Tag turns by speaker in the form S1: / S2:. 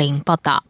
S1: 零報道。